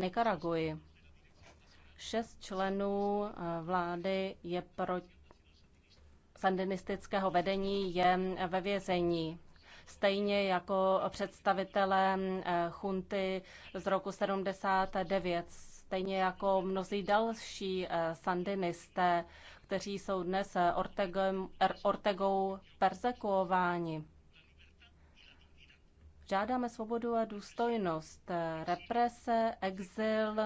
Nikaraguji. Šest členů eh, vlády je pro sandinistického vedení je ve vězení. Stejně jako představitelé eh, chunty z roku 79, stejně jako mnozí další eh, sandinisté, kteří jsou dnes er, Ortegou persekuováni. Žádáme svobodu a důstojnost. Represe, exil,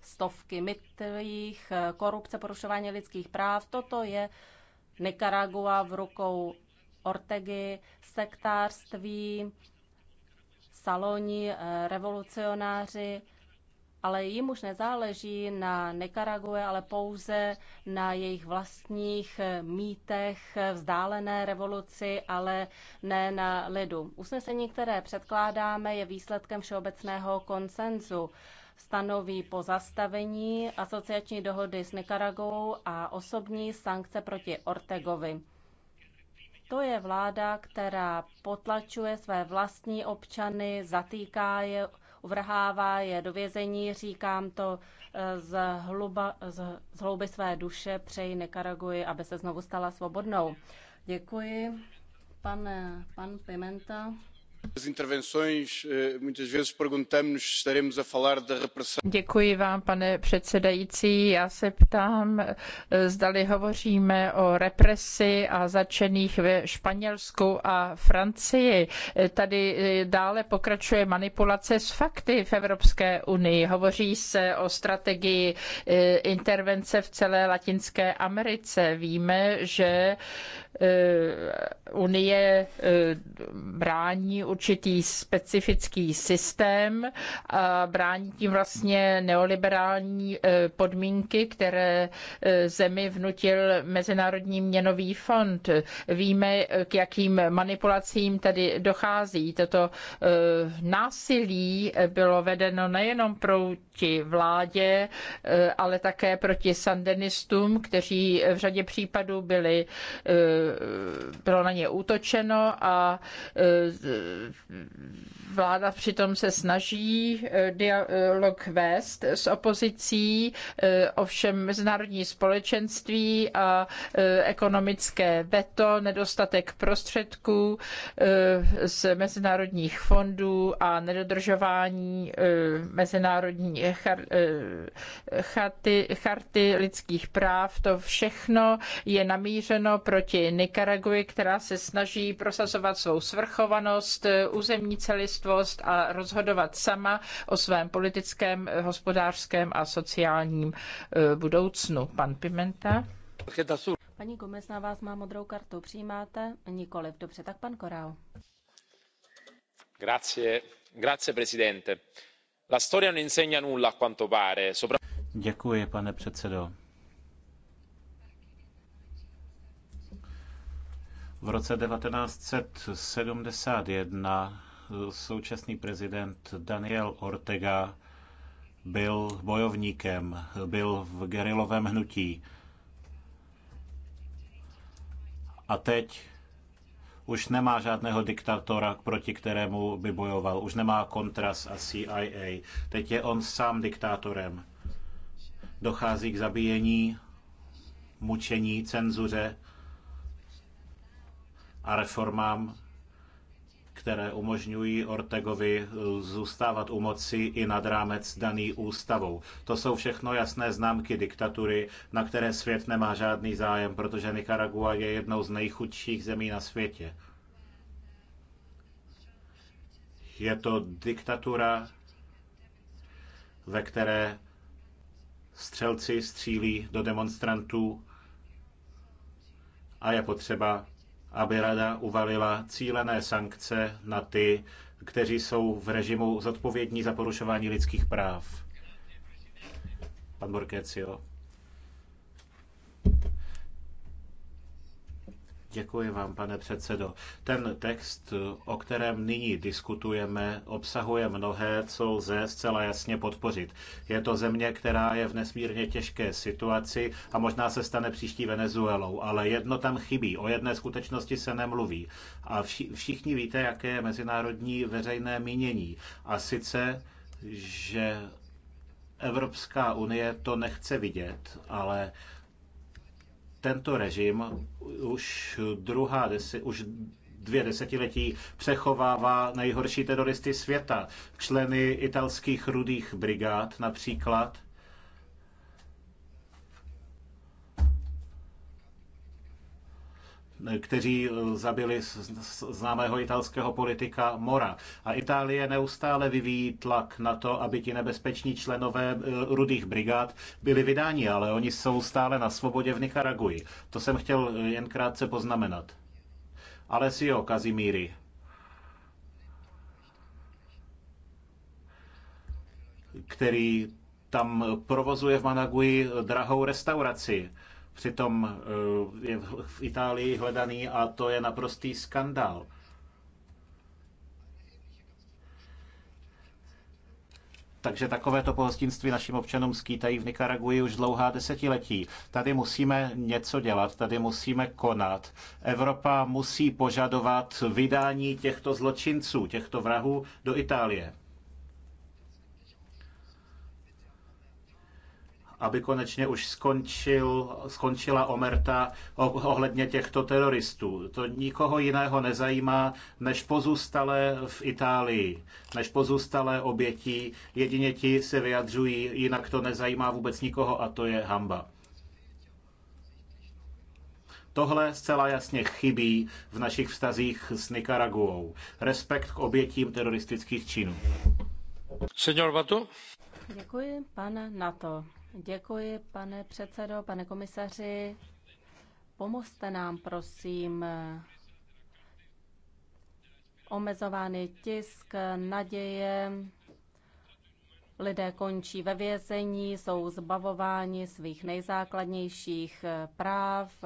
stovky mytlých, korupce, porušování lidských práv. Toto je Nicaragua v rukou Ortegy, sektářství, saloni, revolucionáři ale jim už nezáleží na Nikarague, ale pouze na jejich vlastních mýtech, vzdálené revoluci, ale ne na lidu. Usnesení, které předkládáme, je výsledkem všeobecného konsenzu stanoví pozastavení asociační dohody s Nikaragou a osobní sankce proti Ortegovi. To je vláda, která potlačuje své vlastní občany, zatýká je, uvrhává je do vězení. Říkám to eh, z, hluba, z, z hlouby své duše. Přeji Nikaraguji, aby se znovu stala svobodnou. Děkuji. Pan, pan Pimenta. Eh, vám, pane předsedající. Já se ptám, eh, zdali hovoříme o represi a zatčených ve Španělsku a Francii. Eh, tady dále pokračuje manipulace s fakty v Evropské unii. Hovoří se o strategii intervence v celé Latinské Americe. Víme, že Eh, Unie eh, brání určitý specifický systém a brání tím vlastně neoliberální eh, podmínky, které zemi vnutil Mezinárodní měnový fond. Víme, k jakým manipulacím tady dochází. Toto násilí bylo vedeno nejenom proti vládě, ale také proti sandinistům, kteří v řadě případů byli Eh, bylo na ně útočeno a eh, vláda přitom se snaží eh, dialog vést s opozicí, ovšem mezinárodní společenství a ekonomické veto, nedostatek prostředků z mezinárodních fondů a nedodržování mezinárodní charty, charty lidských práv, to všechno je namířeno proti Nikaraguji, která se snaží prosazovat svou svrchovanost, územní celistvost a rozhodovat sama o svém politickém, hospodářském a sociálním eh, budoucnu. Pan Pimenta. Paní Gomez, na vás má modrou kartu. Přijímáte? Nikoliv. Dobře, tak pan Korál. Grazie, grazie presidente. La storia non insegna nulla a quanto pare. Sopra... Děkuji, pane předsedo. V roce 1971 současný prezident Daniel Ortega byl bojovníkem, byl v gerilovém hnutí. A teď už nemá žádného diktatora, proti kterému by bojoval. Už nemá kontras a CIA. Teď je on sám diktátorem. Dochází k zabíjení, mučení, cenzuře a reformám, které umožňují Ortegovi eh, zůstávat u moci i nad rámec daný ústavou. To jsou všechno jasné známky diktatury, na které svět nemá žádný zájem, protože Nicaragua je jednou z nejchudších zemí na světě. Je to diktatura, ve které střelci střílí do demonstrantů a je potřeba aby rada uvalila cílené sankce na ty, kteří jsou v režimu zodpovědní za porušování lidských práv. Pan Borkecio. Děkuji vám, pane předsedo. Ten text, o kterém nyní diskutujeme, obsahuje mnohé, co lze zcela jasně podpořit. Je to země, která je v nesmírně těžké situaci a možná se stane příští Venezuelou, ale jedno tam chybí. O jedné skutečnosti se nemluví. A všichni víte, jaké je mezinárodní veřejné mínění. A sice, že Evropská unie to nechce vidět, ale tento režim už, druhá desi, už dvě desetiletí přechovává nejhorší teroristy světa, členy italských rudých brigád například, kteří eh, zabili známého italského politika Mora. A Itálie neustále vyvíjí tlak na to, aby ti nebezpeční členové eh, rudých brigád byli vydáni, ale oni jsou stále na svobodě v Nicaraguji. To jsem chtěl eh, jen krátce poznamenat. Alessio Kazimíri. který tam provozuje v Managui drahou restauraci Přitom eh, je v Itálii hledaný a to je naprostý skandál. Takže takovéto pohostinství našim občanům skýtají v Nikaraguji už dlouhá desetiletí. Tady musíme něco dělat, tady musíme konat. Evropa musí požadovat vydání těchto zločinců, těchto vrahů do Itálie. aby konečně už skončil, skončila omerta ohledně těchto teroristů. To nikoho jiného nezajímá, než pozůstalé v Itálii, než pozůstalé obětí. Jedině ti se vyjadřují, jinak to nezajímá vůbec nikoho a to je hamba. Tohle zcela jasně chybí v našich vztazích s Nikaraguou. Respekt k obětím teroristických činů. Senor vato? Děkuji, pane Nato. Děkuji, pane předsedo, pane komisaři. Pomozte nám, prosím, omezovány tisk, naděje, lidé končí ve vězení, jsou zbavováni svých nejzákladnějších práv.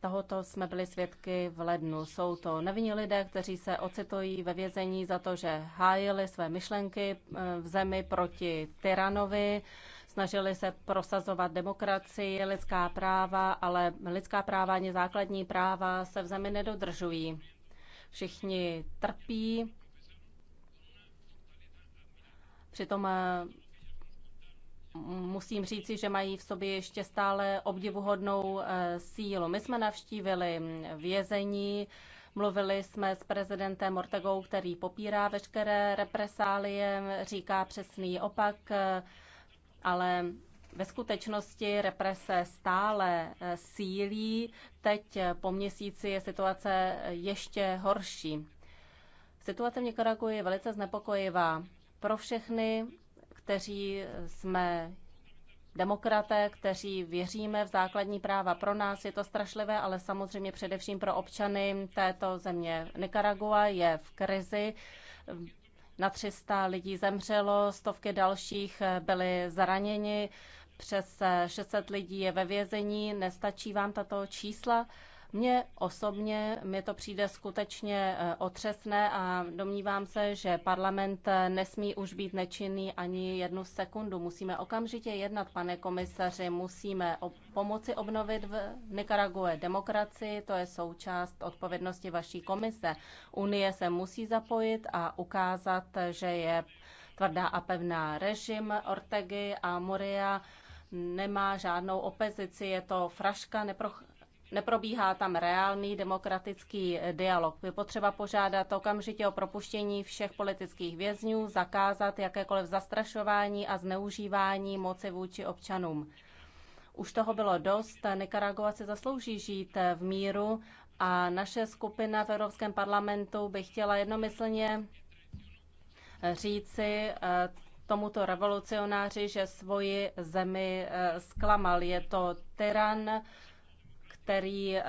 Tohoto jsme byli svědky v lednu. Jsou to nevinní lidé, kteří se ocitují ve vězení za to, že hájili své myšlenky eh, v zemi proti tyranovi snažili se prosazovat demokracii, lidská práva, ale lidská práva ani základní práva se v zemi nedodržují. Všichni trpí, přitom eh, musím říci, že mají v sobě ještě stále obdivuhodnou eh, sílu. My jsme navštívili vězení, Mluvili jsme s prezidentem Ortegou, který popírá veškeré represálie, říká přesný opak. Eh, ale ve skutečnosti represe stále eh, sílí. Teď eh, po měsíci je situace eh, ještě horší. Situace v Nikaragu je velice znepokojivá pro všechny, kteří jsme demokraté, kteří věříme v základní práva. Pro nás je to strašlivé, ale samozřejmě především pro občany této země. Nikaragua je v krizi na 300 lidí zemřelo, stovky dalších eh, byly zraněni, přes 600 eh, lidí je ve vězení. Nestačí vám tato čísla? Mně osobně mi to přijde skutečně eh, otřesné a domnívám se, že parlament eh, nesmí už být nečinný ani jednu sekundu. Musíme okamžitě jednat, pane komisaři, musíme pomoci obnovit v Nicaraguje demokracii, to je součást odpovědnosti vaší komise. Unie se musí zapojit a ukázat, že je tvrdá a pevná režim Ortegy a Moria nemá žádnou opozici, je to fraška, neproch- neprobíhá tam reálný demokratický dialog. Je potřeba požádat okamžitě o propuštění všech politických vězňů, zakázat jakékoliv zastrašování a zneužívání moci vůči občanům. Už toho bylo dost. Nicaragua si zaslouží žít v míru a naše skupina v Evropském parlamentu by chtěla jednomyslně říci eh, tomuto revolucionáři, že svoji zemi eh, zklamal. Je to tyran, který eh,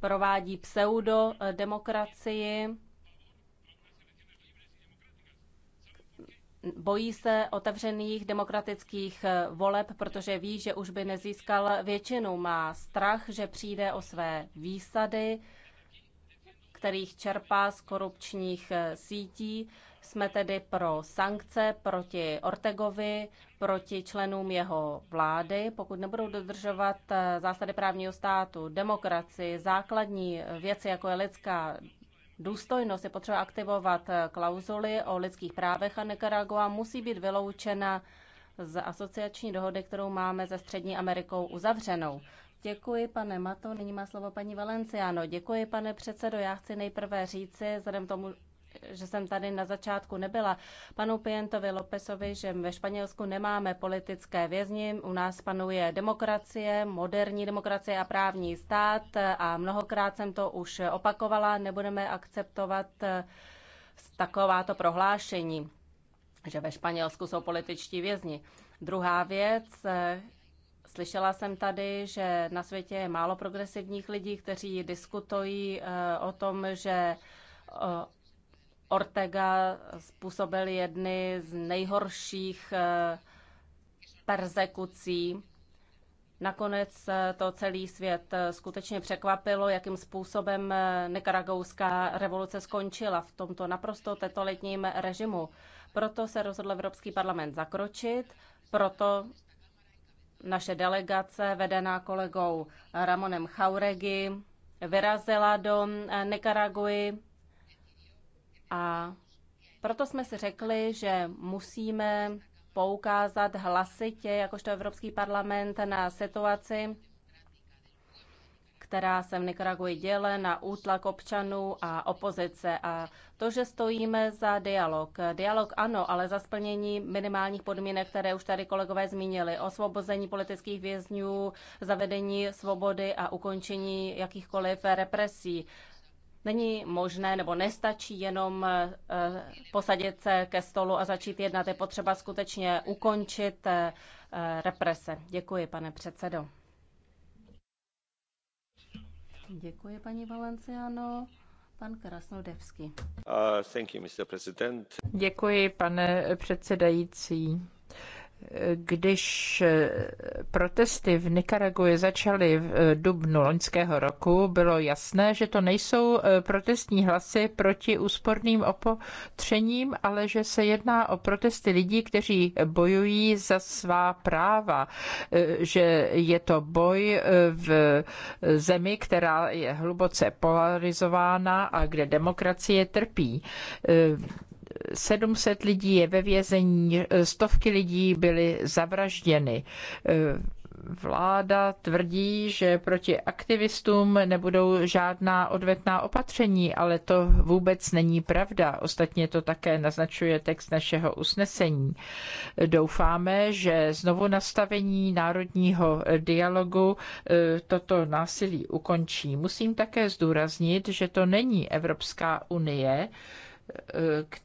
provádí pseudodemokracii, bojí se otevřených demokratických eh, voleb, protože ví, že už by nezískal většinu. Má strach, že přijde o své výsady, kterých čerpá z korupčních eh, sítí jsme tedy pro sankce proti Ortegovi, proti členům jeho vlády, pokud nebudou dodržovat eh, zásady právního státu, demokracii, základní věci, jako je lidská důstojnost, je potřeba aktivovat eh, klauzuly o lidských právech a Nicaragua musí být vyloučena z asociační dohody, kterou máme ze Střední Amerikou uzavřenou. Děkuji, pane Mato. Nyní má slovo paní Valenciano. Děkuji, pane předsedo. Já chci nejprve říci, vzhledem tomu, že jsem tady na začátku nebyla. Panu Pientovi Lopesovi, že ve Španělsku nemáme politické vězni, u nás panuje demokracie, moderní demokracie a právní stát a mnohokrát jsem to už opakovala, nebudeme akceptovat eh, takováto prohlášení, že ve Španělsku jsou političtí vězni. Druhá věc, eh, Slyšela jsem tady, že na světě je málo progresivních lidí, kteří diskutují eh, o tom, že Ortega způsobil jedny z nejhorších eh, persekucí. Nakonec eh, to celý svět eh, skutečně překvapilo, jakým způsobem nekaragouská revoluce skončila v tomto naprosto tetoletním režimu. Proto se rozhodl Evropský parlament zakročit, proto naše delegace, vedená kolegou Ramonem Chauregi, vyrazila do Nikaraguji a proto jsme si řekli, že musíme poukázat hlasitě, jakožto Evropský parlament, na situaci, která se v Nikaraguji děle na útlak občanů a opozice a to, že stojíme za dialog. Dialog ano, ale za splnění minimálních podmínek, které už tady kolegové zmínili. Osvobození politických vězňů, zavedení svobody a ukončení jakýchkoliv represí. Není možné nebo nestačí jenom eh, posadit se ke stolu a začít jednat. Je potřeba skutečně ukončit eh, eh, represe. Děkuji, pane předsedo. Děkuji, paní Valenciano. Pan Krasnodevský. Uh, thank you, Mr. President. Děkuji, pane předsedající. Když eh, protesty v Nikaraguji začaly v eh, dubnu loňského roku, bylo jasné, že to nejsou eh, protestní hlasy proti úsporným opotřením, ale že se jedná o protesty lidí, kteří bojují za svá práva, že je to boj v zemi, která je hluboce polarizována a kde demokracie trpí. 700 lidí je ve vězení, stovky lidí byly zavražděny vláda tvrdí, že proti aktivistům nebudou žádná odvetná opatření, ale to vůbec není pravda. Ostatně to také naznačuje text našeho usnesení. Doufáme, že znovu nastavení národního dialogu e, toto násilí ukončí. Musím také zdůraznit, že to není Evropská unie,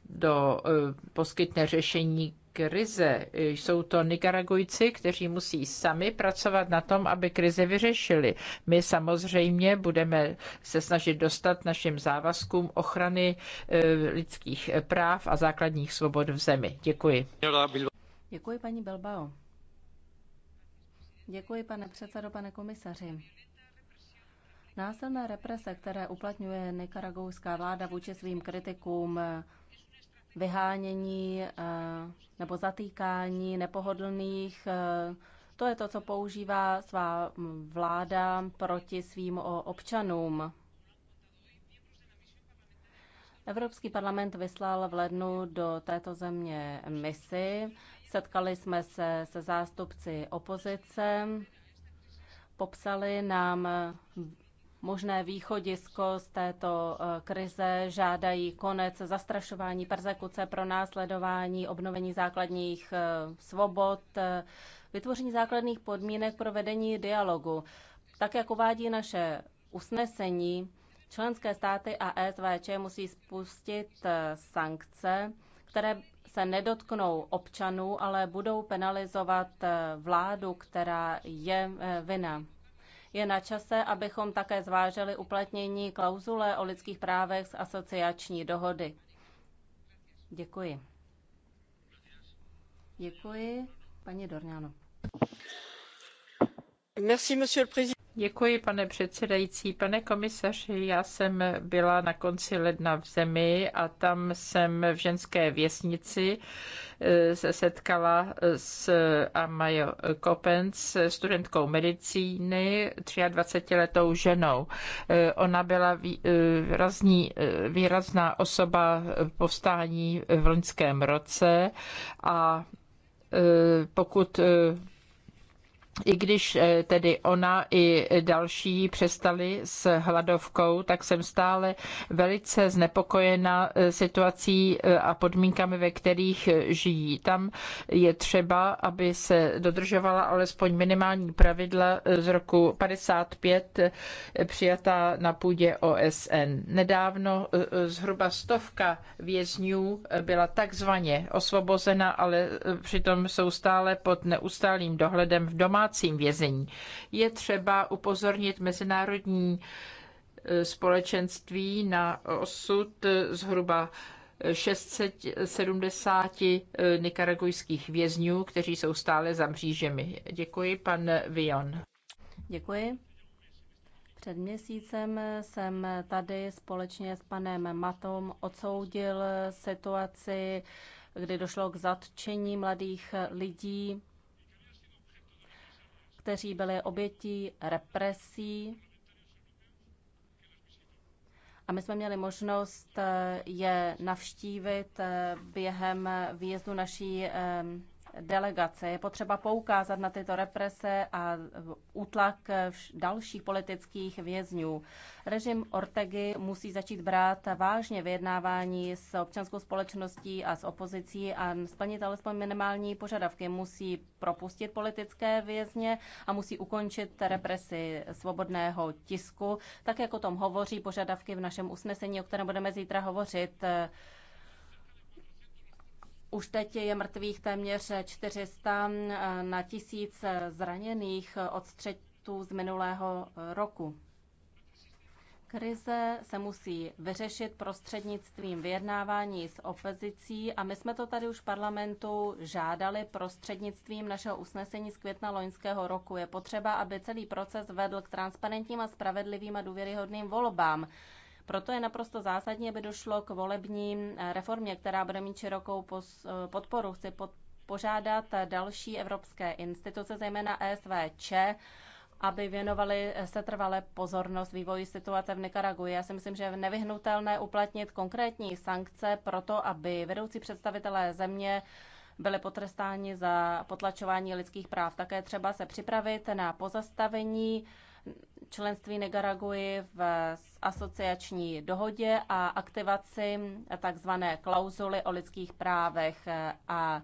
kdo e, poskytne řešení krize. Jsou to Nicaragujci, kteří musí sami pracovat na tom, aby krize vyřešili. My samozřejmě budeme se snažit dostat našim závazkům ochrany e, lidských práv a základních svobod v zemi. Děkuji. Děkuji, paní Belbao. Děkuji, pane předsedo, pane komisaři. Násilné represe, které uplatňuje nikaragouská vláda vůči svým kritikům, vyhánění eh, nebo zatýkání nepohodlných, eh, to je to, co používá svá vláda proti svým občanům. Evropský parlament vyslal v lednu do této země misi. Setkali jsme se se zástupci opozice, popsali nám možné východisko z této eh, krize, žádají konec zastrašování, persekuce, následování, obnovení základních eh, svobod, eh, vytvoření základních podmínek pro vedení dialogu. Tak, jak uvádí naše usnesení, členské státy a ESVČ musí spustit sankce, které se nedotknou občanů, ale budou penalizovat vládu, která je vina. Je na čase, abychom také zvážili uplatnění klauzule o lidských právech z asociační dohody. Děkuji. Děkuji. Paní Dorňano. Merci, monsieur le président. Děkuji, pane předsedající. Pane komisaři, já jsem byla na konci ledna v zemi a tam jsem v ženské věznici eh, se setkala s Amajo Kopens, studentkou medicíny, 23-letou ženou. Eh, ona byla eh, výrazní, výrazná osoba povstání v loňském roce a pokud i když eh, tedy ona i další přestali s hladovkou, tak jsem stále velice znepokojena eh, situací eh, a podmínkami, ve kterých žijí. Tam je třeba, aby se dodržovala alespoň minimální pravidla z roku 55 přijatá na půdě OSN. Nedávno zhruba stovka vězňů byla takzvaně osvobozena, ale přitom jsou stále pod neustálým dohledem v domácnosti domácím vězení. Je třeba upozornit mezinárodní e, společenství na osud zhruba 670 e, nikaragujských vězňů, kteří jsou stále za mřížemi. Děkuji, pan Vion. Děkuji. Před měsícem jsem tady společně s panem Matom odsoudil situaci, kdy došlo k zatčení mladých lidí kteří byli obětí represí. A my jsme měli možnost eh, je navštívit eh, během výjezdu naší eh, delegace. Je potřeba poukázat na tyto represe a útlak dalších politických vězňů. Režim Ortegy musí začít brát vážně vyjednávání s občanskou společností a s opozicí a splnit alespoň minimální požadavky. Musí propustit politické vězně a musí ukončit represi svobodného tisku, tak jak o tom hovoří požadavky v našem usnesení, o kterém budeme zítra hovořit. Už teď je mrtvých téměř 400 eh, na tisíc zraněných od střetů z minulého roku. Krize se musí vyřešit prostřednictvím vyjednávání s opozicí a my jsme to tady už v parlamentu žádali prostřednictvím našeho usnesení z května loňského roku. Je potřeba, aby celý proces vedl k transparentním a spravedlivým a důvěryhodným volbám. Proto je naprosto zásadní, aby došlo k volební eh, reformě, která bude mít širokou eh, podporu. Chci pod, požádat další evropské instituce, zejména ESVČ, aby věnovali eh, setrvalé pozornost vývoji situace v Nikaraguji. Já si myslím, že je nevyhnutelné uplatnit konkrétní sankce pro to, aby vedoucí představitelé země byly potrestáni za potlačování lidských práv. Také třeba se připravit na pozastavení členství Nicaraguji v asociační dohodě a aktivaci tzv. klauzuly o lidských právech. A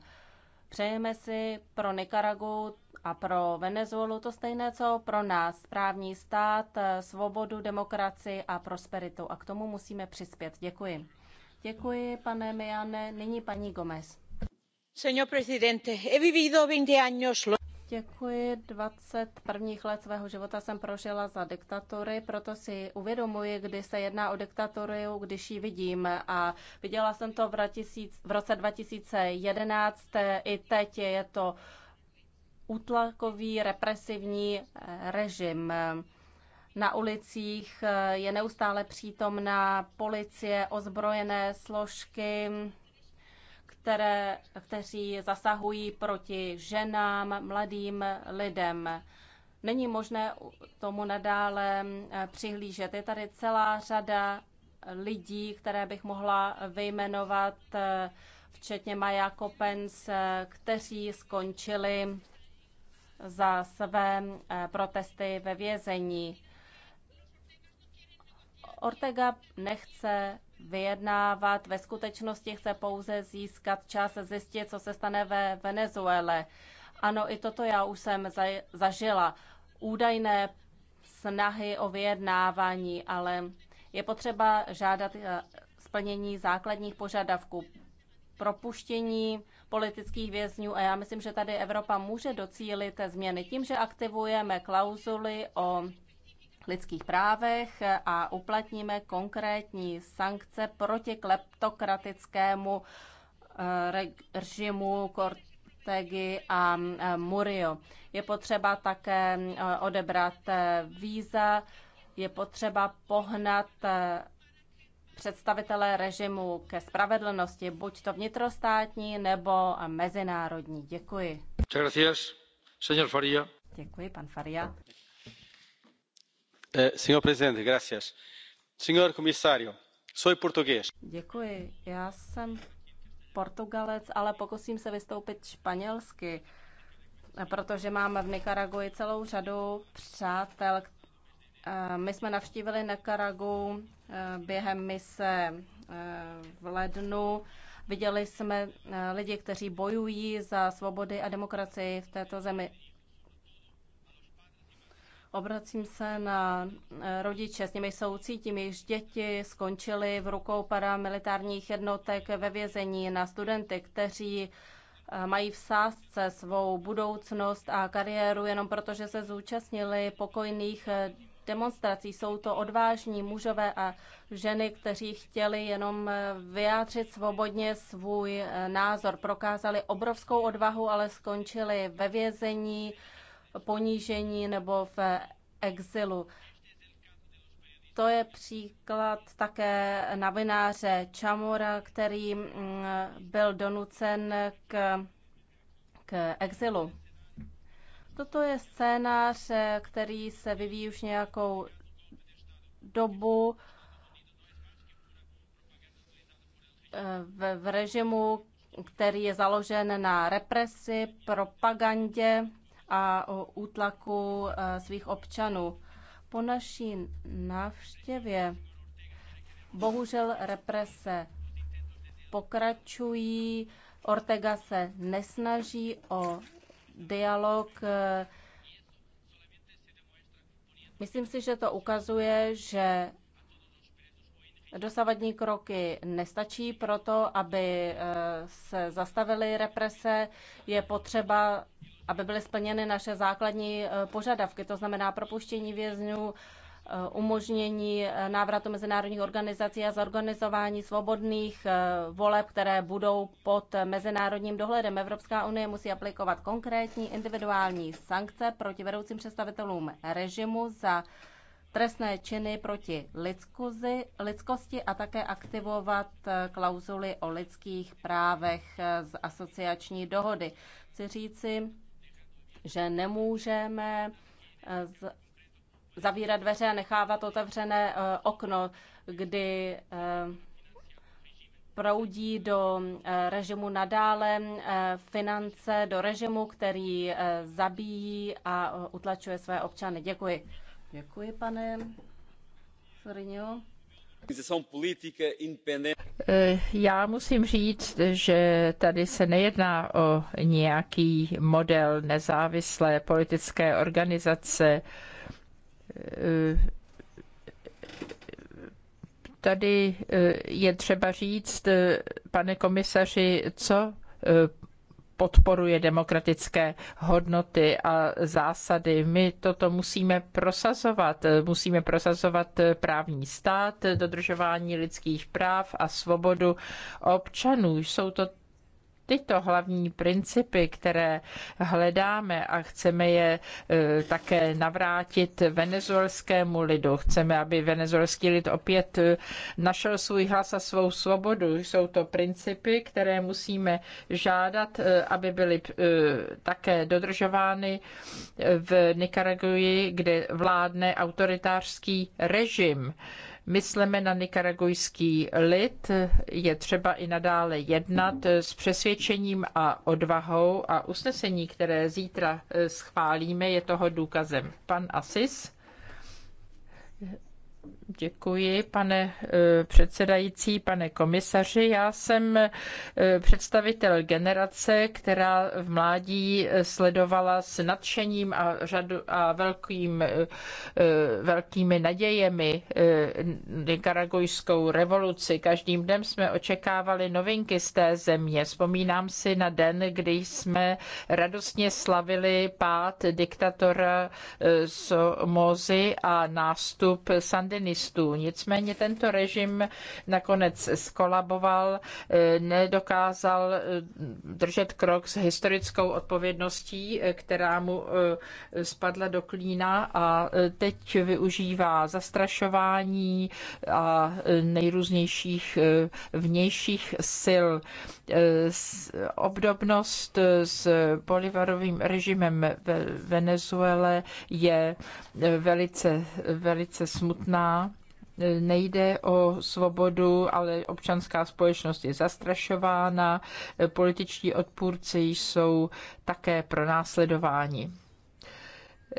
přejeme si pro Nicaragu a pro Venezuelu to stejné, co pro nás. Právní stát, svobodu, demokracii a prosperitu. A k tomu musíme přispět. Děkuji. Děkuji, pane Miane. Nyní paní Gomez. Señor presidente, he vivido 20 años Děkuji. 21. let svého života jsem prožila za diktatury, proto si uvědomuji, kdy se jedná o diktaturu, když ji vidím. A viděla jsem to v, ratisíc, v roce 2011, i teď je to útlakový represivní eh, režim. Na ulicích eh, je neustále přítomná policie, ozbrojené složky, které, kteří zasahují proti ženám, mladým lidem. Není možné tomu nadále eh, přihlížet. Je tady celá řada lidí, které bych mohla vyjmenovat, eh, včetně Maja Kopens, eh, kteří skončili za své protesty ve vězení. Ortega nechce vyjednávat, ve skutečnosti chce pouze získat čas, zjistit, co se stane ve Venezuele. Ano, i toto já už jsem zažila. Údajné snahy o vyjednávání, ale je potřeba žádat eh, splnění základních požadavků, propuštění politických vězňů a já myslím, že tady Evropa může docílit změny tím, že aktivujeme klauzuly o lidských právech a uplatníme konkrétní sankce proti kleptokratickému eh, režimu Kortegi a eh, Murio. Je potřeba také eh, odebrat víza, je potřeba pohnat představitelé režimu ke spravedlnosti, buď to vnitrostátní nebo mezinárodní. Děkuji. Děkuji, pan Faria. Eh, Já jsem Portugalec, ale pokusím se vystoupit španělsky, protože mám v Nikaraguji celou řadu přátel. Eh, my jsme navštívili Nikaragu eh, během mise v lednu. Viděli jsme lidi, kteří bojují za svobody a demokracii v této zemi. Obracím se na eh, rodiče, s nimi soucítím, jejichž děti skončily v rukou paramilitárních jednotek ve vězení, na studenty, kteří eh, mají v sázce svou budoucnost a kariéru jenom proto, že se zúčastnili pokojných eh, demonstrací. Jsou to odvážní mužové a ženy, kteří chtěli jenom vyjádřit svobodně svůj názor. Prokázali obrovskou odvahu, ale skončili ve vězení ponížení nebo v exilu. To je příklad také novináře Čamura, který mm, byl donucen k, k exilu. Toto je scénář, který se vyvíjí už nějakou dobu eh, v, v režimu, který je založen na represi, propagandě a o útlaku eh, svých občanů. Po naší návštěvě bohužel represe pokračují. Ortega se nesnaží o dialog. Eh, myslím si, že to ukazuje, že dosavadní kroky nestačí pro to, aby eh, se zastavily represe. Je potřeba aby byly splněny naše základní eh, požadavky, to znamená propuštění vězňů, eh, umožnění eh, návratu mezinárodních organizací a zorganizování svobodných voleb, které budou pod mezinárodním dohledem. Evropská unie musí aplikovat konkrétní individuální sankce proti vedoucím představitelům režimu za trestné činy proti lidskozi, lidskosti a také aktivovat klauzuly o lidských právech z asociační dohody. Chci říci, že nemůžeme eh, zavírat dveře a nechávat otevřené eh, okno, kdy eh, proudí do režimu nadále finance, do režimu, který zabíjí a utlačuje své občany. Děkuji. Děkuji, pane Sorinio. Eh, já musím říct, že tady se nejedná o nějaký model nezávislé politické organizace. Eh, tady eh, je třeba říct, pane komisaři, co podporuje demokratické hodnoty a zásady. My toto musíme prosazovat. Musíme prosazovat právní stát, dodržování lidských práv a svobodu občanů. Jsou to tyto hlavní principy, které hledáme a chceme je e, také navrátit venezuelskému lidu. Chceme, aby venezuelský lid opět e, našel svůj hlas a svou svobodu. Jsou to principy, které musíme žádat, e, aby byly také dodržovány v Nikaraguji, kde vládne autoritářský režim mysleme na nikaragujský lid, je třeba i nadále jednat s přesvědčením a odvahou a usnesení, které zítra schválíme, je toho důkazem. Pan Asis. Děkuji, pane eh, předsedající, pane komisaři. Já jsem eh, představitel generace, která v mládí eh, sledovala s nadšením a, řadu, a velkým, velkými nadějemi Nicaragujskou revoluci. Každým dnem jsme očekávali novinky z té země. Vzpomínám si na den, kdy jsme radostně slavili pád diktatora Somozy a nástup Sandy sandinistů. Nicméně tento režim nakonec skolaboval, eh, nedokázal eh, držet krok s historickou odpovědností, eh, která mu spadla do klína a teď využívá zastrašování a nejrůznějších vnějších sil. Obdobnost s Bolivarovým režimem ve Venezuele je velice, velice smutná E, nejde o svobodu, ale občanská společnost je zastrašována, e, političtí odpůrci jsou také pronásledováni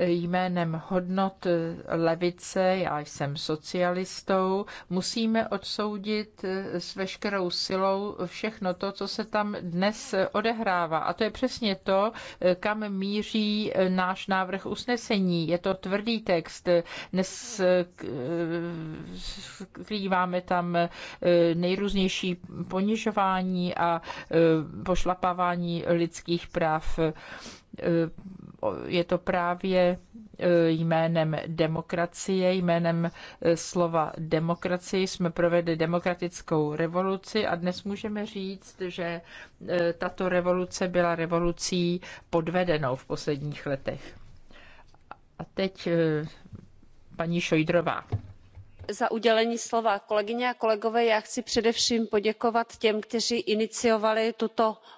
jménem hodnot levice, já jsem socialistou, musíme odsoudit s veškerou silou všechno to, co se tam dnes odehrává. A to je přesně to, kam míří náš návrh usnesení. Je to tvrdý text, eh, skrýváme tam eh, nejrůznější ponižování a eh, pošlapávání lidských práv. Je to právě je e, jménem demokracie, jménem e, slova demokracie. Jsme provedli demokratickou revoluci a dnes můžeme říct, že e, tato revoluce byla revolucí podvedenou v posledních letech. A teď paní Šojdrová za udělení slova. kolegyně a kolegové já chci především poděkovat těm kteří iniciovali tuto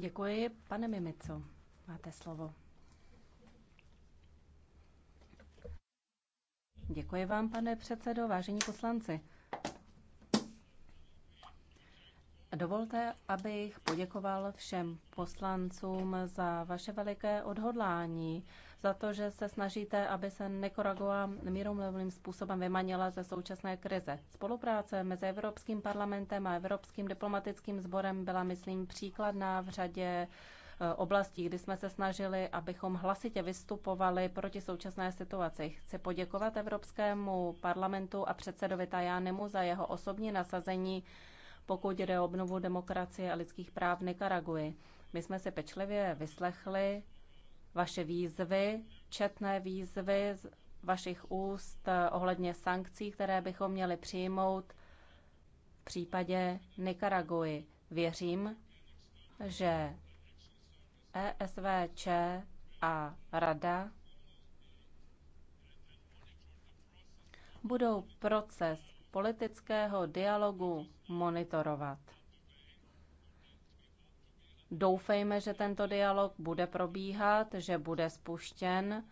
děkuji. Pane Mimico, máte slovo. Děkuji vám, pane předsedo, vážení poslanci. Dovolte, abych poděkoval všem poslancům za vaše veliké odhodlání za to, že se snažíte, aby se Nikaragua míromluvným způsobem vymanila ze současné krize. Spolupráce mezi Evropským parlamentem a Evropským diplomatickým sborem byla, myslím, příkladná v řadě eh, oblastí, kdy jsme se snažili, abychom hlasitě vystupovali proti současné situaci. Chci poděkovat Evropskému parlamentu a předsedovi Tajánemu za jeho osobní nasazení, pokud jde o obnovu demokracie a lidských práv v Nikaraguji. My jsme si pečlivě vyslechli vaše výzvy, četné výzvy z vašich úst eh, ohledně sankcí, které bychom měli přijmout v případě Nikaraguji. Věřím, že ESVČ a Rada budou proces politického dialogu monitorovat. Doufejme, že tento dialog bude probíhat, že bude spuštěn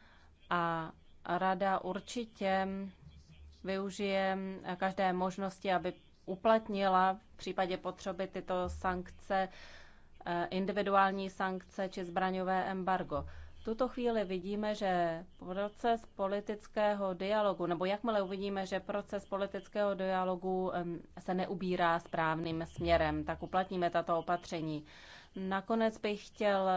a Rada určitě využije každé možnosti, aby uplatnila v případě potřeby tyto sankce, eh, individuální sankce či zbraňové embargo. V tuto chvíli vidíme, že proces politického dialogu, nebo jakmile uvidíme, že proces politického dialogu se neubírá správným směrem, tak uplatníme tato opatření. Nakonec bych chtěl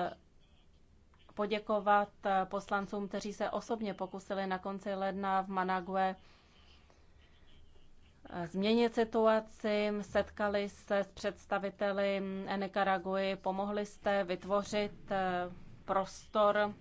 poděkovat poslancům, kteří se osobně pokusili na konci ledna v Manague změnit situaci, setkali se s představiteli Nicaraguji, pomohli jste vytvořit eh, prostor,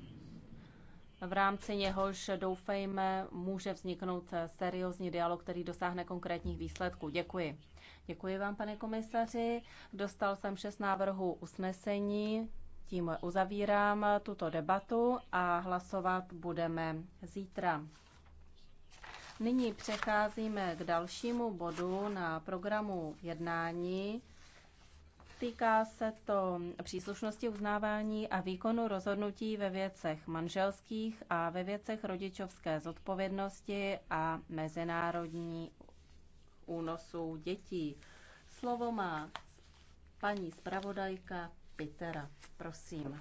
v rámci něhož doufejme může vzniknout seriózní dialog, který dosáhne konkrétních výsledků. Děkuji. Děkuji vám, pane komisaři. Dostal jsem šest návrhů usnesení. Tím uzavírám tuto debatu a hlasovat budeme zítra. Nyní přecházíme k dalšímu bodu na programu jednání. Týká se to příslušnosti uznávání a výkonu rozhodnutí ve věcech manželských a ve věcech rodičovské zodpovědnosti a mezinárodní únosů dětí. Slovo má paní zpravodajka Pitera. Prosím.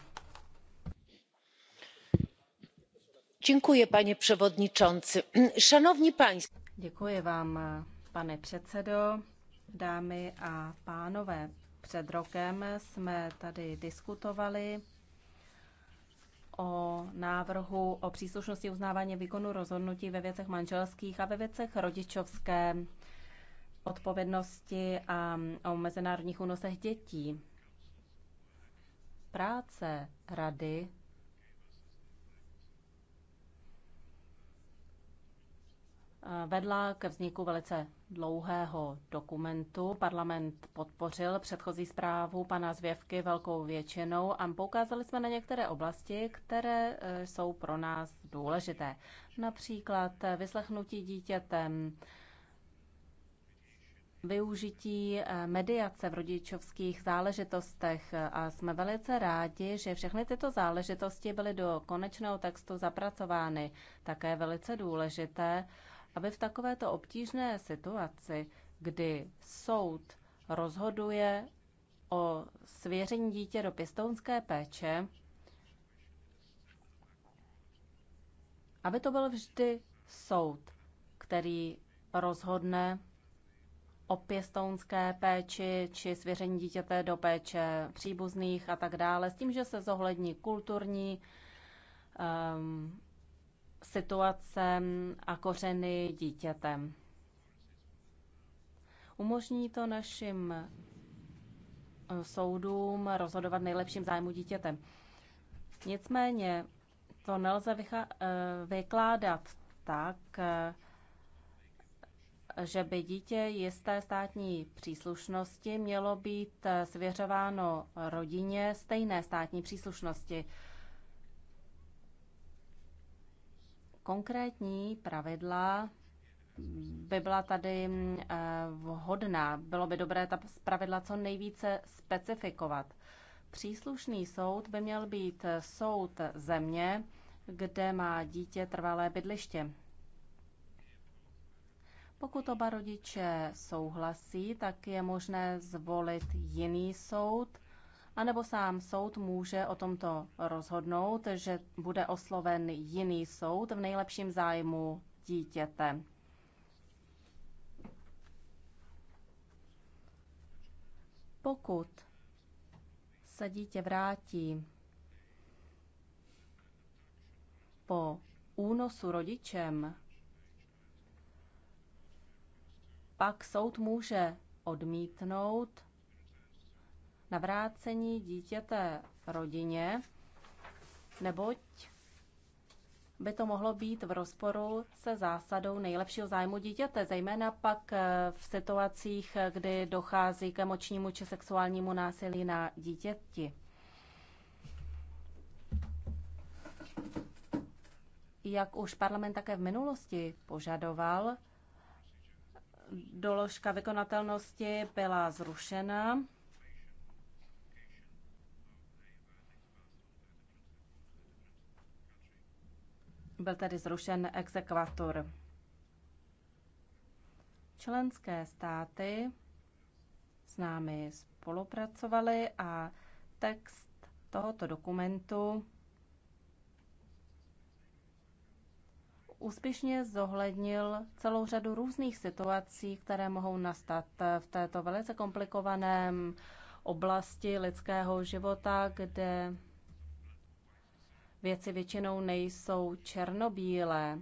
Děkuji, pane převodničonci. Šanovní paní. Děkuji vám, pane předsedo, dámy a pánové. Před rokem jsme tady diskutovali o návrhu o příslušnosti uznávání výkonu rozhodnutí ve věcech manželských a ve věcech rodičovské odpovědnosti a o mezinárodních únosech dětí. Práce rady vedla ke vzniku velice dlouhého dokumentu. Parlament podpořil předchozí zprávu pana Zvěvky velkou většinou a poukázali jsme na některé oblasti, které e, jsou pro nás důležité. Například e, vyslechnutí dítětem, využití eh, mediace v rodičovských záležitostech eh, a jsme velice rádi, že všechny tyto záležitosti byly do konečného textu zapracovány. Také velice důležité, aby v takovéto obtížné situaci, kdy soud rozhoduje o svěření dítě do pěstounské péče, aby to byl vždy soud, který rozhodne o pěstounské péči či svěření dítěte do péče příbuzných a tak dále, s tím, že se zohlední kulturní um, situace a kořeny dítěte. Umožní to našim eh, soudům rozhodovat nejlepším zájmu dítěte. Nicméně to nelze eh, vykládat tak, eh, že by dítě jisté státní příslušnosti mělo být svěřováno rodině stejné státní příslušnosti. Konkrétní pravidla by byla tady eh, vhodná. Bylo by dobré ta pravidla co nejvíce specifikovat. Příslušný soud by měl být soud země, kde má dítě trvalé bydliště. Pokud oba rodiče souhlasí, tak je možné zvolit jiný soud, anebo sám soud může o tomto rozhodnout, že bude osloven jiný soud v nejlepším zájmu dítěte. Pokud se dítě vrátí po únosu rodičem, pak soud může odmítnout navrácení dítěte rodině, neboť by to mohlo být v rozporu se zásadou nejlepšího zájmu dítěte, zejména pak eh, v situacích, kdy dochází k emočnímu či sexuálnímu násilí na dítěti. Jak už parlament také v minulosti požadoval, doložka vykonatelnosti byla zrušena. Byl tedy zrušen exekvator. Členské státy s námi spolupracovaly a text tohoto dokumentu úspěšně zohlednil celou řadu různých situací, které mohou nastat v této velice komplikované oblasti lidského života, kde věci většinou nejsou černobílé.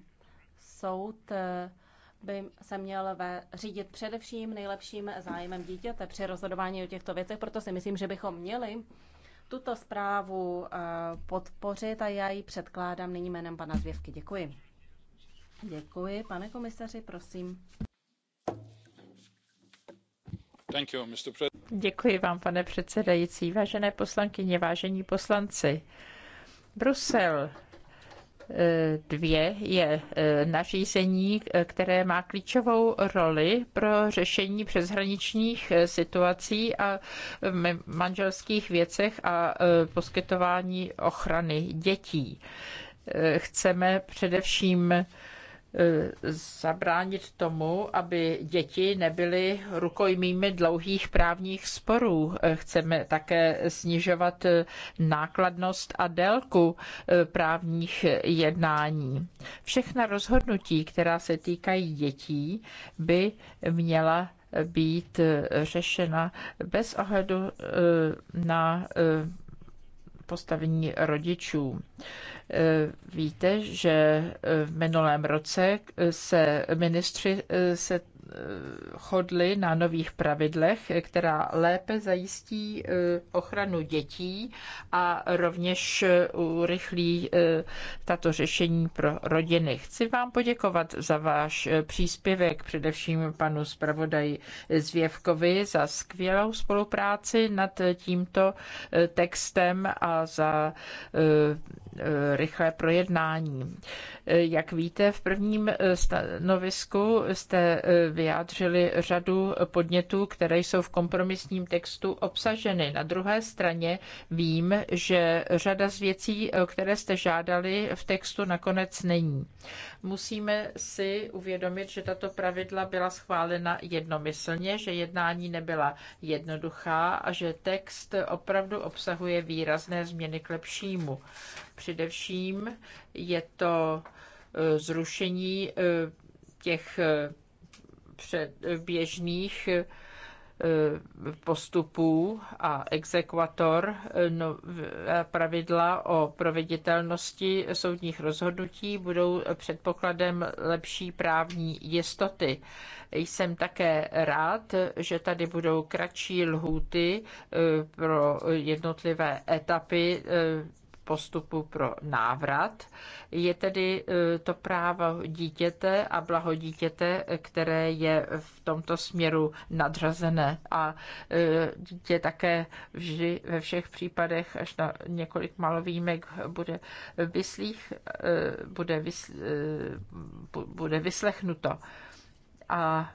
Soud by se měl ve, řídit především nejlepším zájmem dítěte při rozhodování o těchto věcech, proto si myslím, že bychom měli tuto zprávu eh, podpořit a já ji předkládám nyní jménem pana Zvěvky. Děkuji. Děkuji. Pane komisaři, prosím. Děkuji vám, pane předsedající. Vážené poslankyně, vážení poslanci. Brusel eh, dvě je eh, nařízení, které má klíčovou roli pro řešení přeshraničních eh, situací a manželských věcech a poskytování ochrany dětí. Chceme především Eh, zabránit tomu, aby děti nebyly rukojmými dlouhých právních sporů. Eh, chceme také snižovat eh, nákladnost a délku právních jednání. Všechna rozhodnutí, která se týkají dětí, by měla být řešena bez ohledu na postavení rodičů. Eh, víte, že eh, v minulém roce eh, se ministři se chodli na nových pravidlech, která lépe zajistí e, ochranu dětí a rovněž e, urychlí e, tato řešení pro rodiny. Chci vám poděkovat za váš příspěvek, především panu zpravodaji Zvěvkovi za skvělou spolupráci nad tímto textem a za rychlé projednání. Jak víte, v prvním stanovisku jste vyjádřili řadu podnětů, které jsou v kompromisním textu obsaženy. Na druhé straně vím, že řada z věcí, které jste žádali, v textu nakonec není. Musíme si uvědomit, že tato pravidla byla schválena jednomyslně, že jednání nebyla jednoduchá a že text opravdu obsahuje výrazné změny k lepšímu. Především je to eh, zrušení eh, těch eh, předběžných eh, postupů a exekvator eh, pravidla o proveditelnosti soudních rozhodnutí budou předpokladem lepší právní jistoty. Jsem také rád, že tady budou kratší lhůty eh, pro jednotlivé etapy postupu pro návrat. Je tedy e, to právo dítěte a blaho dítěte, které je v tomto směru nadřazené a dítě e, také vždy ve všech případech až na několik málo výjimek bude, vyslých, e, bude, vysl, bude vyslechnuto. A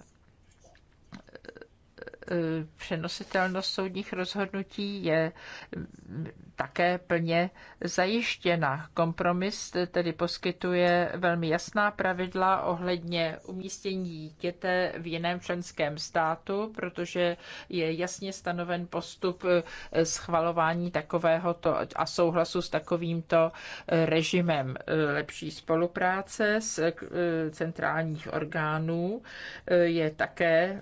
E, přenositelnost soudních rozhodnutí je také plně zajištěna. Kompromis tedy poskytuje velmi jasná pravidla ohledně umístění dítěte v jiném členském státu, protože je jasně stanoven postup e, schvalování takovéhoto a souhlasu s takovýmto e, režimem lepší spolupráce s centrálních orgánů je také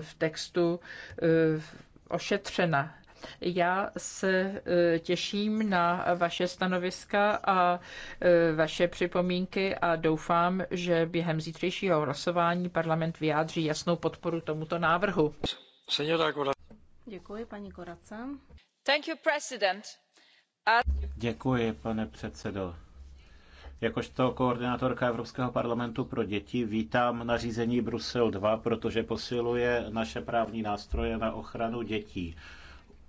v textu Eh, ošetřena. Já se eh, těším na vaše stanoviska a eh, vaše připomínky a doufám, že během zítřejšího hlasování parlament vyjádří jasnou podporu tomuto návrhu. Děkuji, paní Koraca. Thank you, president. Děkuji, pane předsedo. Jakožto koordinátorka Evropského parlamentu pro děti vítám nařízení Brusel 2, protože posiluje naše právní nástroje na ochranu dětí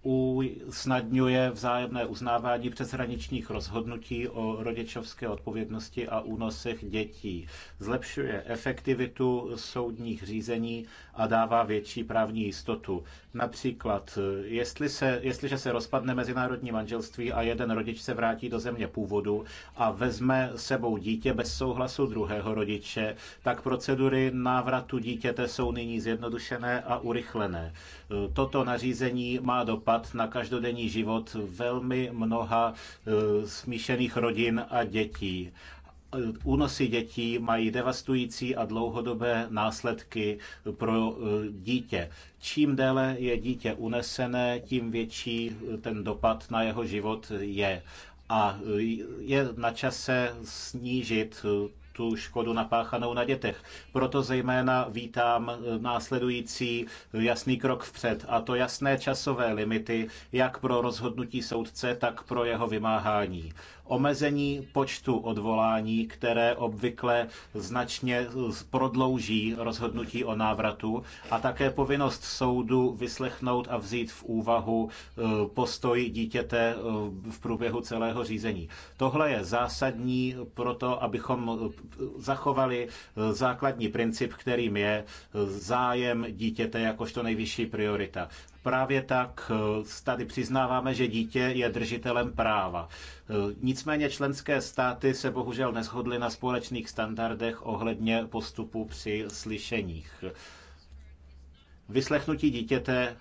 usnadňuje vzájemné uznávání přeshraničních rozhodnutí o rodičovské odpovědnosti a únosech dětí, zlepšuje efektivitu soudních řízení a dává větší právní jistotu. Například, jestli se, jestliže se rozpadne mezinárodní manželství a jeden rodič se vrátí do země původu a vezme sebou dítě bez souhlasu druhého rodiče, tak procedury návratu dítěte jsou nyní zjednodušené a urychlené. Toto nařízení má dopad na každodenní život velmi mnoha e, smíšených rodin a dětí. Únosy dětí mají devastující a dlouhodobé následky pro e, dítě. Čím déle je dítě unesené, tím větší e, ten dopad na jeho život je a je na čase snížit tu škodu napáchanou na dětech. Proto zejména vítám eh, následující eh, jasný krok vpřed, a to jasné časové limity, jak pro rozhodnutí soudce, tak pro jeho vymáhání omezení počtu odvolání, které obvykle značně prodlouží rozhodnutí o návratu a také povinnost soudu vyslechnout a vzít v úvahu e, postoj dítěte e, v průběhu celého řízení. Tohle je zásadní pro to, abychom e, zachovali základní princip, kterým je zájem dítěte jakožto nejvyšší priorita. Právě tak eh, tady přiznáváme, že dítě je držitelem práva. Eh, nicméně členské státy se bohužel neshodly na společných standardech ohledně postupu při slyšeních. Vyslechnutí dítěte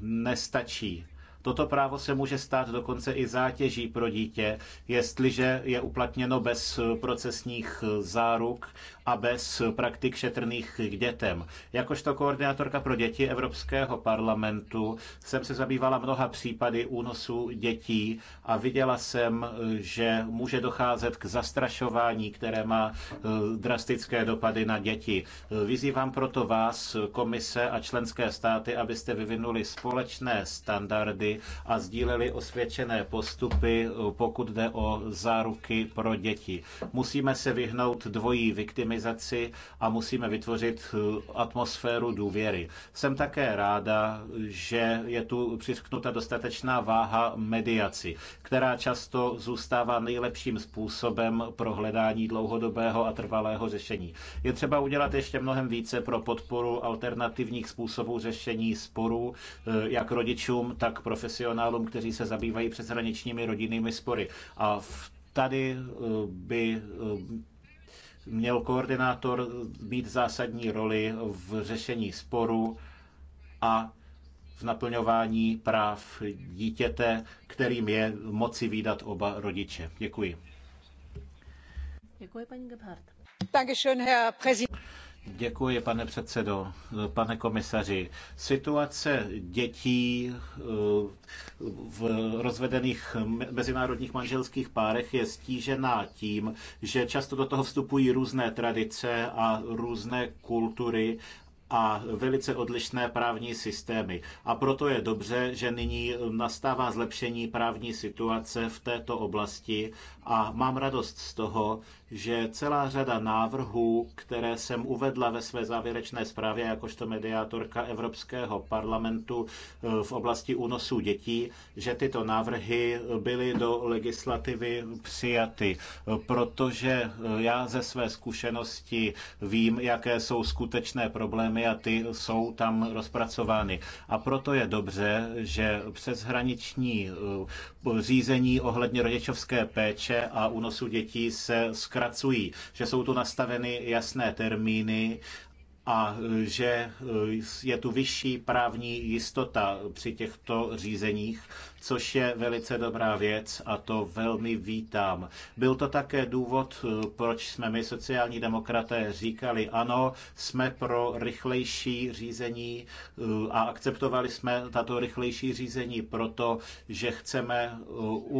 nestačí. Toto právo se může stát dokonce i zátěží pro dítě, jestliže je uplatněno bez procesních eh, záruk a bez praktik šetrných k dětem. Jakožto koordinátorka pro děti Evropského parlamentu jsem se zabývala mnoha případy únosů dětí a viděla jsem, že může docházet k zastrašování, které má e, drastické dopady na děti. Vyzývám proto vás, komise a členské státy, abyste vyvinuli společné standardy a sdíleli osvědčené postupy, e, pokud jde o záruky pro děti. Musíme se vyhnout dvojí viktimy organizaci a musíme vytvořit eh, atmosféru důvěry. Jsem také ráda, že je tu přiřknuta dostatečná váha mediaci, která často zůstává nejlepším způsobem pro hledání dlouhodobého a trvalého řešení. Je třeba udělat ještě mnohem více pro podporu alternativních způsobů řešení sporů, eh, jak rodičům, tak profesionálům, kteří se zabývají přeshraničními rodinnými spory. A v tady eh, by měl koordinátor být zásadní roli v řešení sporu a v naplňování práv dítěte, kterým je moci výdat oba rodiče. Děkuji. Děkuji, paní Gebhardt. Děkuji, pane předsedo, pane komisaři. Situace dětí eh, v rozvedených mezinárodních manželských párech je stížená tím, že často do toho vstupují různé tradice a různé kultury a velice odlišné právní systémy. A proto je dobře, že nyní nastává zlepšení právní situace v této oblasti a mám radost z toho, že celá řada návrhů, které jsem uvedla ve své závěrečné zprávě jakožto mediátorka Evropského parlamentu eh, v oblasti únosů dětí, že tyto návrhy byly do legislativy přijaty, eh, protože eh, já ze své zkušenosti vím, jaké jsou skutečné problémy a ty jsou tam rozpracovány. A proto je dobře, že přeshraniční řízení ohledně rodičovské péče a únosu dětí se zkrátí pracují, že jsou tu nastaveny jasné termíny a že eh, je tu vyšší právní jistota při těchto řízeních, což je velice dobrá věc a to velmi vítám. Byl to také důvod, eh, proč jsme my sociální demokraté říkali ano, jsme pro rychlejší řízení eh, a akceptovali jsme tato rychlejší řízení proto, že chceme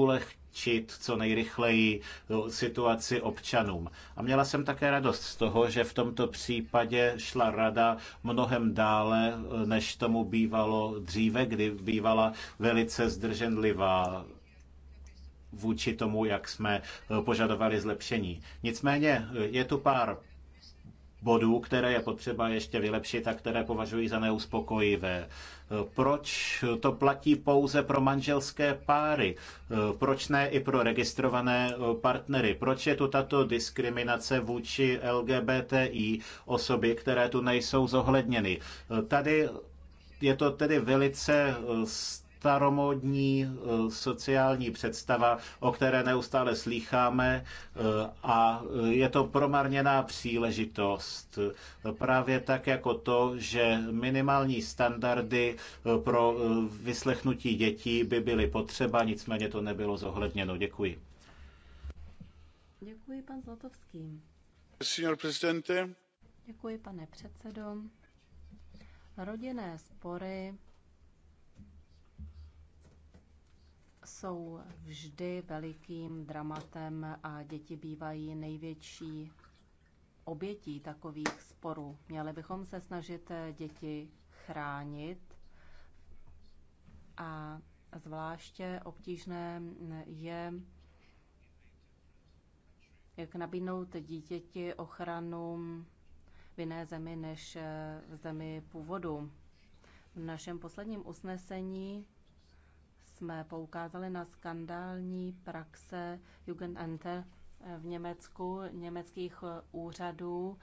ulehčit ulehčit co nejrychleji no, situaci občanům. A měla jsem také radost z toho, že v tomto případě šla rada mnohem dále, eh, než tomu bývalo dříve, kdy bývala velice zdrženlivá vůči tomu, jak jsme eh, požadovali zlepšení. Nicméně eh, je tu pár bodů, které je potřeba ještě vylepšit a které považuji za neuspokojivé. Eh, proč to platí pouze pro manželské páry? Eh, proč ne i pro registrované eh, partnery? Proč je tu tato diskriminace vůči LGBTI osoby, které tu nejsou zohledněny? Tady je to tedy velice staromodní e, sociální představa, o které neustále slýcháme e, a e, je to promarněná příležitost. Právě tak jako to, že minimální standardy pro vyslechnutí dětí by byly potřeba, nicméně to nebylo zohledněno. Děkuji. Děkuji, pan Zlatovský. Signor Presidente. Děkuji, pane předsedo. Rodinné spory jsou vždy velikým dramatem a děti bývají největší obětí takových sporů. Měli bychom se snažit děti chránit a zvláště obtížné je, jak nabídnout dítěti ochranu v jiné zemi než v zemi původu. V našem posledním usnesení jsme poukázali na skandální praxe Jugendämter v Německu, německých eh, úřadů,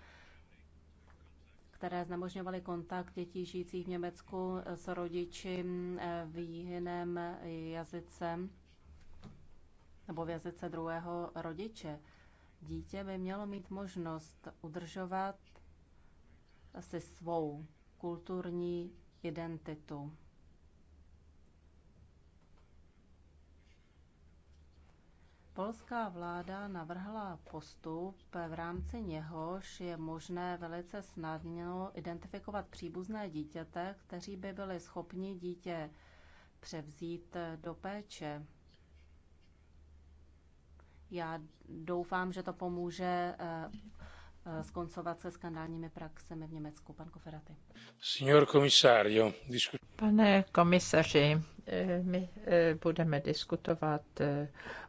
které znemožňovaly kontakt dětí žijících v Německu eh, s rodiči mm, eh, v jiném jazyce nebo v jazyce druhého rodiče. Dítě by mělo mít možnost udržovat si svou kulturní identitu. Polská vláda navrhla postup, v rámci něhož je možné velice snadno identifikovat příbuzné dítěte, kteří by byli schopni dítě převzít do péče. Já doufám, že to pomůže eh, eh, skoncovat se skandálními praxemi v Německu. Pan Koferaty. Pane komisaři, my eh, budeme diskutovat eh,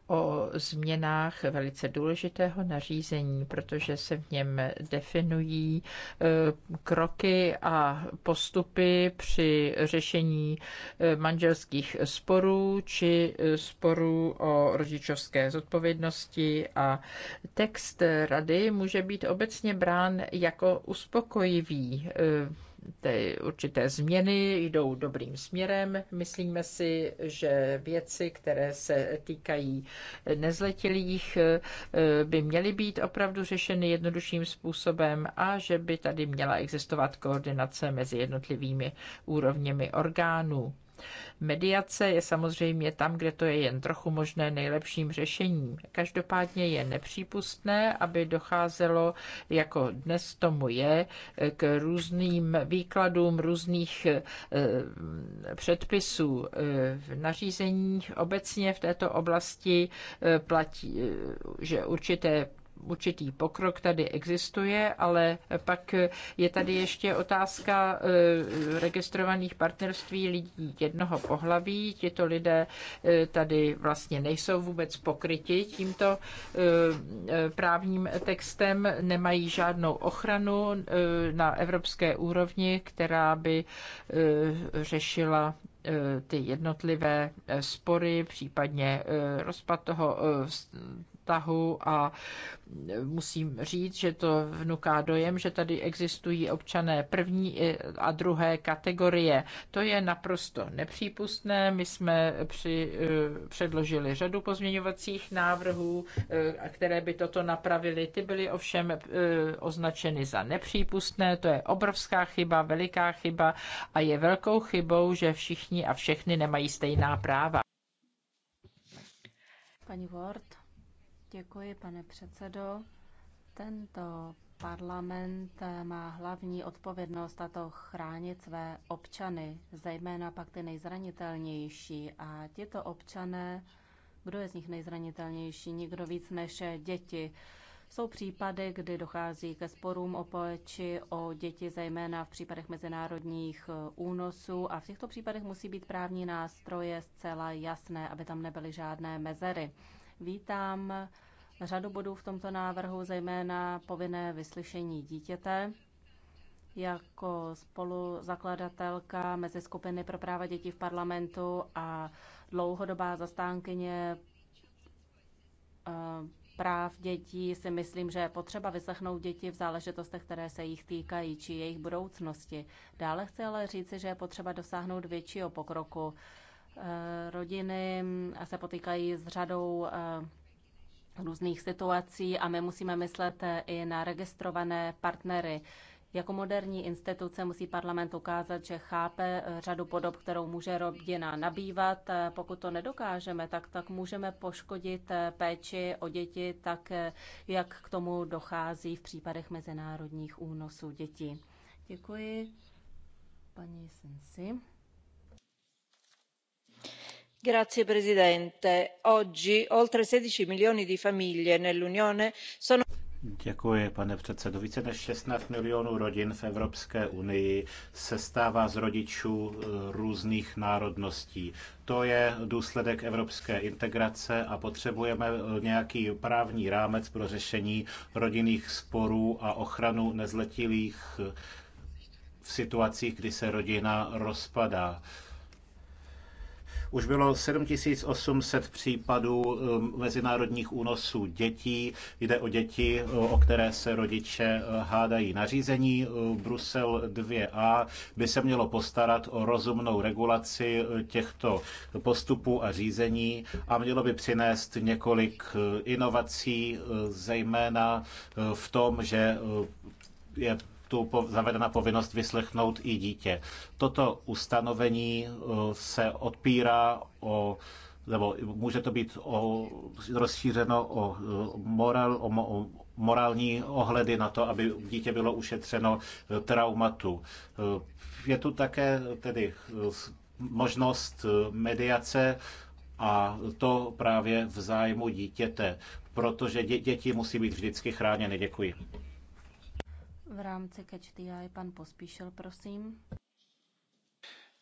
o změnách velice důležitého nařízení, protože se v něm definují eh, kroky a postupy při řešení manželských sporů či sporů o rodičovské zodpovědnosti a text rady může být obecně brán jako uspokojivý ty určité změny jdou dobrým směrem. Myslíme si, že věci, které se týkají nezletilých, eh, by měly být opravdu řešeny jednodušším způsobem a že by tady měla existovat koordinace mezi jednotlivými úrovněmi orgánů. Mediace je samozřejmě tam, kde to je jen trochu možné nejlepším řešením. Každopádně je nepřípustné, aby docházelo, jako dnes tomu je, k různým výkladům různých eh, předpisů eh, v nařízeních. Obecně v této oblasti eh, platí, že určité určitý pokrok tady existuje, ale pak je tady ještě otázka eh, registrovaných partnerství lidí jednoho pohlaví. Tito lidé eh, tady vlastně nejsou vůbec pokryti tímto eh, právním textem, nemají žádnou ochranu na evropské úrovni, která by řešila ty jednotlivé spory, případně rozpad toho tahu a musím říct, že to vnuká dojem, že tady existují občané první a druhé kategorie. To je naprosto nepřípustné. My jsme při, eh, předložili řadu pozměňovacích návrhů, eh, které by toto napravili. Ty byly ovšem eh, označeny za nepřípustné. To je obrovská chyba, veliká chyba a je velkou chybou, že všichni a všechny nemají stejná práva. Pani Ward. Děkuji, pane předsedo. Tento parlament eh, má hlavní odpovědnost a to chránit své občany, zejména pak ty nejzranitelnější. A tito občané, kdo je z nich nejzranitelnější? Nikdo víc než děti. Jsou případy, kdy dochází ke sporům o péči o děti, zejména v případech mezinárodních eh, únosů a v těchto případech musí být právní nástroje zcela jasné, aby tam nebyly žádné mezery. Vítám řadu bodů v tomto návrhu, zejména povinné vyslyšení dítěte. Jako spoluzakladatelka mezi skupiny pro práva dětí v parlamentu a dlouhodobá zastánkyně eh, práv dětí si myslím, že je potřeba vyslechnout děti v záležitostech, které se jich týkají, či jejich budoucnosti. Dále chci ale říci, že je potřeba dosáhnout většího pokroku Eh, rodiny mm, se potýkají s řadou eh, různých situací a my musíme myslet eh, i na registrované partnery. Jako moderní instituce musí parlament ukázat, že chápe řadu podob, kterou může rodina nabývat. Pokud to nedokážeme, tak, tak můžeme poškodit péči o děti, tak jak k tomu dochází v případech mezinárodních únosů dětí. Děkuji, paní Sensi signor presidente onorevoli colleghi oggi oltre sedici milioni di famiglie nell'unione sono. Děkuji, pane předsedo. Více než 16 milionů rodin v Evropské unii se stává z rodičů eh, různých národností. To je důsledek evropské integrace a potřebujeme eh, nějaký právní rámec pro řešení rodinných sporů a ochranu nezletilých eh, v situacích, kdy se rodina rozpadá už bylo 7800 případů um, mezinárodních únosů dětí. Jde o děti, o které se rodiče eh, hádají. Nařízení eh, Brusel 2a by se mělo postarat o rozumnou regulaci eh, těchto postupů a řízení a mělo by přinést několik inovací, zejména v tom, že je tu zavedena povinnost vyslechnout i dítě. Toto ustanovení eh, se odpírá o nebo může to být o, rozšířeno o, eh, moral, o, o morální ohledy na to, aby dítě bylo ušetřeno eh, traumatu. Je tu také tedy možnost mediace a to právě v zájmu dítěte, protože děti musí být vždycky chráněny. Děkuji v rámci Catch the Eye pan Pospíšil, prosím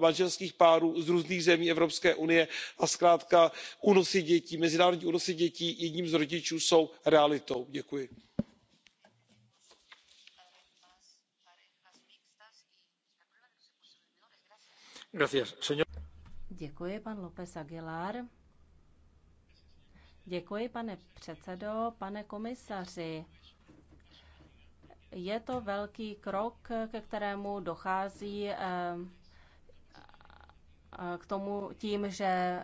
manželských párů z různých zemí evropské unie a zkrátka mezinárodní únosy dětí jedním z rodičů jsou realitou. děkuji. Děkuji, pan López Aguilar. Děkuji, pane předsedo, pane komisaři. Je to velký krok, ke kterému dochází eh, k tomu tím, že e,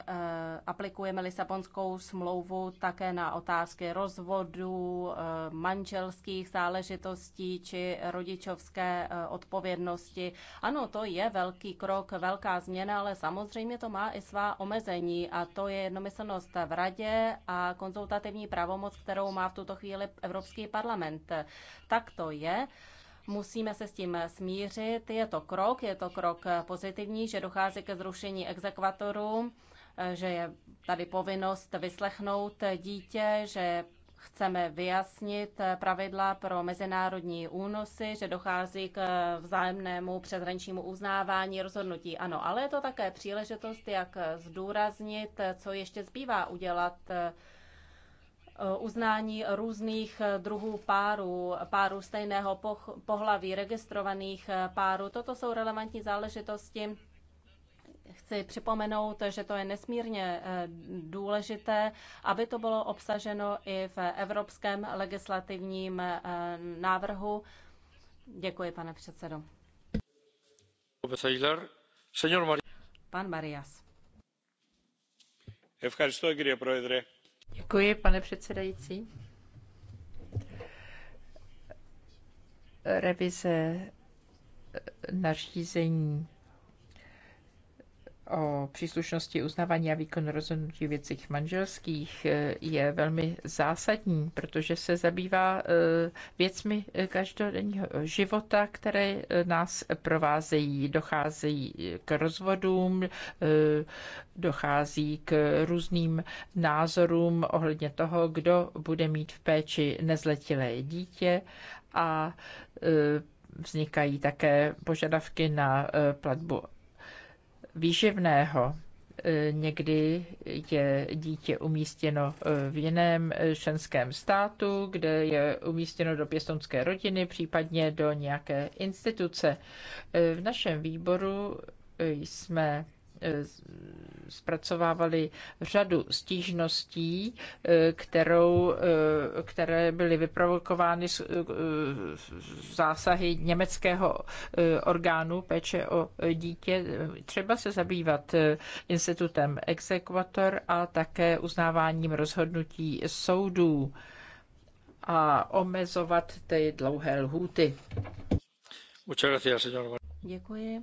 aplikujeme Lisabonskou smlouvu také na otázky rozvodu, e, manželských záležitostí či rodičovské e, odpovědnosti. Ano, to je velký krok, velká změna, ale samozřejmě to má i svá omezení a to je jednomyslnost v radě a konzultativní pravomoc, kterou má v tuto chvíli Evropský parlament. Tak to je. Musíme se s tím smířit. Je to krok, je to krok pozitivní, že dochází ke zrušení exekvatoru, že je tady povinnost vyslechnout dítě, že chceme vyjasnit pravidla pro mezinárodní únosy, že dochází k vzájemnému přeshraničnímu uznávání rozhodnutí. Ano, ale je to také příležitost, jak zdůraznit, co ještě zbývá udělat Eh, uznání různých eh, druhů párů, párů stejného pohlaví, registrovaných eh, párů. Toto jsou relevantní záležitosti. Chci připomenout, že to je nesmírně důležité, aby to bylo obsaženo i v evropském legislativním návrhu. Děkuji, pane předsedo. Pan Marias. Ευχαριστώ, κύριε Děkuji, pane předsedající. Revize nařízení o příslušnosti uznávání a výkonu rozhodnutí věcích manželských eh, je velmi zásadní, protože se zabývá eh, věcmi eh, každodenního života, které nás provázejí. Docházejí k rozvodům, dochází k různým názorům ohledně toho, kdo bude mít v péči nezletilé dítě a vznikají také požadavky na platbu výživného. E, někdy je dítě umístěno e, v jiném e, členském státu, kde je umístěno do pěstonské rodiny, případně do nějaké instituce. V našem výboru jsme Eh, zpracovávali řadu stížností, eh, kterou, eh, které byly vyprovokovány zásahy německého orgánu péče o dítě. Třeba se zabývat institutem exekvator a také uznáváním rozhodnutí soudů a omezovat ty dlouhé lhůty. Děkuji.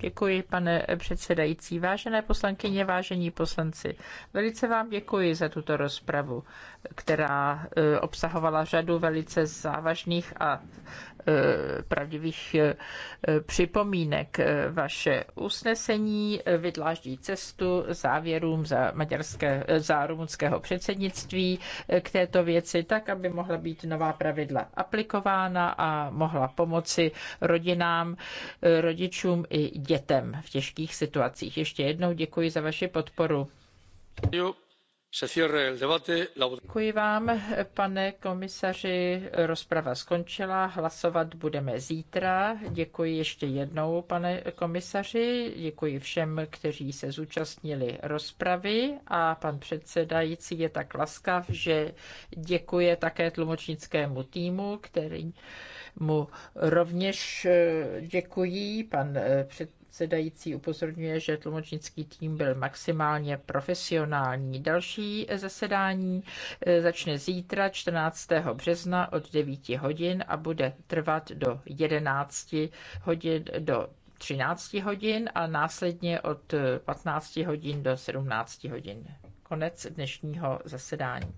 Děkuji, pane předsedající. Vážené poslankyně, vážení poslanci, velice vám děkuji za tuto rozpravu, která e, obsahovala řadu velice závažných a e, pravdivých e, připomínek. Vaše usnesení vydláždí cestu závěrům za, maďarské, za rumunského předsednictví k této věci, tak, aby mohla být nová pravidla aplikována a mohla pomoci rodinám, rodičům i dětem v těžkých situacích. Ještě jednou děkuji za vaši podporu. Děkuji vám, pane komisaři. Rozprava skončila. Hlasovat budeme zítra. Děkuji ještě jednou, pane komisaři. Děkuji všem, kteří se zúčastnili rozpravy. A pan předsedající je tak laskav, že děkuje také tlumočnickému týmu, který mu rovněž eh, děkuji. Pan eh, předsedající upozorňuje, že tlumočnický tým byl maximálně profesionální. Další eh, zasedání začne zítra 14. března od 9 hodin a bude trvat do 11 hodin do 13 hodin a následně od 15 hodin do 17 hodin. Konec dnešního zasedání.